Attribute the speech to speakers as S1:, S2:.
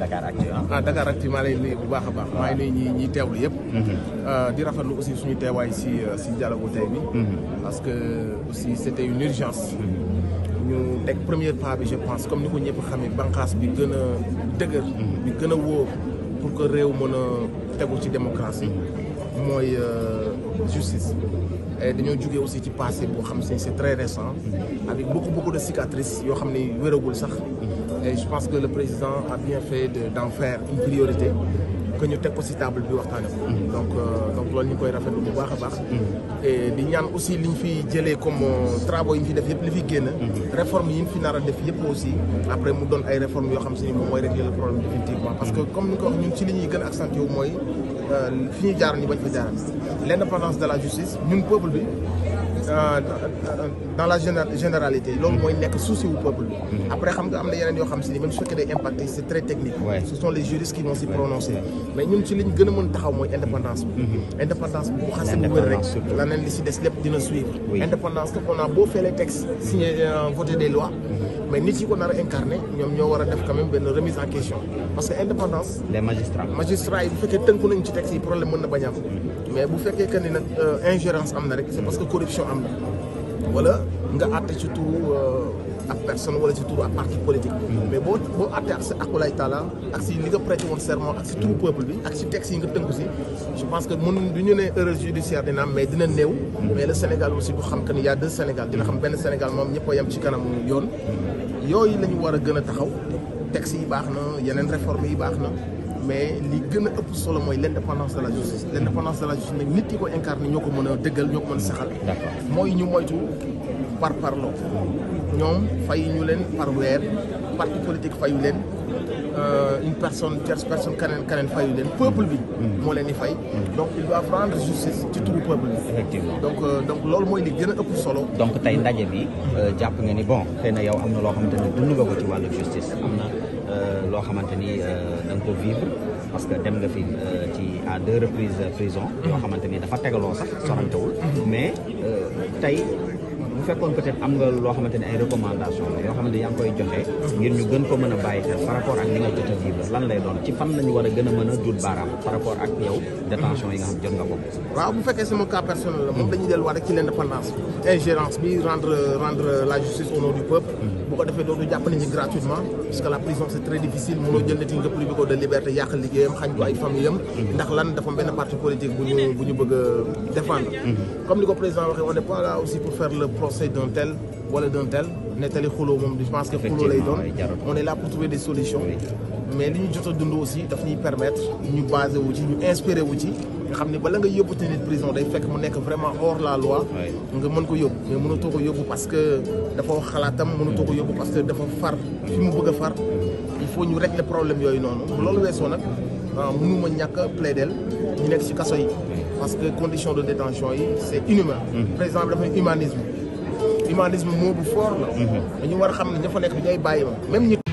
S1: Dakaractu ah, ah Dakaractu maa lay nuyu bu baax a baax maa ngi nuyu ñi ñiy teewlu yëpp mm-hmm. euh, di rafetlu aussi suñu teewaay si euh, si dialogue tey bi mm-hmm. parce que aussi c'était une urgence mm-hmm. ñu teg première pas bi je pense comme ni ko ñëpp xamee banqaas bi gën a dëgër bi gën a wóor pour que réew mën a tegu ci démocratie mooy euh, justice e dañoo jógee aussi ci passé boo xam ne c'est très récent avec beaucoup beaucoup de cicatrices yoo xam ni wéragul sax et je pense que le président a bien fait d'en faire une priorité que ñu teg ko si table bi waxtaane ko mm-hmm. donc euh, donc loolu ñu koy rafetlu bu baax a baax mm-hmm. et di ñaan aussi ñu fi jëlee comme euh, travaux yi ñu fi def yëpp li fi génn mm-hmm. réforme yi ñu fi nar a def yëpp aussi après mu doon ay réforme yoo xam si ni moom mooy régler le problème définitivement parce que comme ni ko wax ñun ci li ñuy gën a accentué mooy euh, fi ñuy jaar ñu bañ fa jaaral l'indépendance de la justice ñun peuple bi Euh, dans la généralité loolu mooy nekk souci wu peuple mm-hmm. après xam nga am na yeneen yoo xam si ni mais ñun ci liñ gën a mm-hmm. si des lépp suivre indépendance que on a beau faire les textes signé euh, voté des lois mm-hmm. mais nit yi ko nar a ñoom ñoo war a def quand benn remise en question parce que indépendance les yi bu fekkee tënku nañ ci texte yi problème mën na bañ mais bu fekkee que ni nag euh, ingérence am na rek c'est parce que corruption am am wala nga àtte ci turu euh, ak personne wala ci turu ak parti politique. Hmm. mais boo boo àttee ak sa akulaay taala ak si li nga prêté woon serment ak si turu peuple bi ak si texte yi nga tënku si. je pense que mun du ñu ne erreur judiciaire dina am mais dina néew. Hmm. mais le Sénégal aussi du xam que ni y a deux Sénégal dina xam benn Sénégal moom ñëpp a yem ci kanam yoon. Hmm. yooyu la war a gën a taxaw texte yi baax na yeneen réforme yi baax na. mais li gën a ëpp solo mooy l' indépendance de la justice l' indépendance de la justice nag nit ki ko incarné ñoo ko mën a dëggal ñoo ko mën a saxal mooy ñu moytu par parlo ñoom fay ñu leen par weer parti politique fayu leen euh, une personne tierce personne keneen keneen fayu leen peuple bi mm-hmm. moo leen di fay mm-hmm. donc il doit rendre justice ci turu peuple bi euh, donc loolu mooy li gën a ëpp solo donc tey ndaje bi euh, jàpp nga ni bon xëy na yow am na loo xamante ne dund nga ci wàllu justice am Euh, loo xamante ni da euh, nga vivre parce que dem nga fi euh, ci à deux reprises prison mhm. yoo xamante ni dafa tegaloo sax sorantewul mhm. mais tey bu fekkoon peut être am nga loo xamante ne ay recommandation la yoo xamante yaa ngi koy joxe ngir ñu gën ko mën a bàyyi xel par ak li nga jot vivre lan lay doon ci fan lañu war a gën a mën a dul baaraam par rapport ak yow détention yi nga xam jot nga ko waaw bu fekkee sama cas personnel la moom hmm. dañuy delluwaat rek ci l'indépendance ingérence bi rendre la justice au nom du peuple hmm. bu ko defee dootu jàppale ñi gratuitement parce que la prison c'est très conseil d'un tel wala d'un tel nettali xuloo moom je pense que xuloo lay doon on est là pour trouver des solutions mais li ñu jot a dund aussi daf ñuy permettre ñu basé wu ci ñu inspiré wu ci xam ne bala nga yóbbu te nit prison day fekk mu nekk vraiment hors la loi nga mën ko yóbbu mais mënatoo ko yóbbu parce que dafa wax xalaatam mënatoo ko yóbbu parce que dafa far fi mu bëgg a far il faut ñu régler problème yooyu noonu bu loolu weesoo nag ah, mënuma ñàkk a plaidel ñu nekk ci kaso yi parce que condition de détention yi c'est inhumain mm-hmm. humanisme moo bu fort la. Mhm. dañu war a xam ne dafa nekk dañuy bàyyi ma même ñi.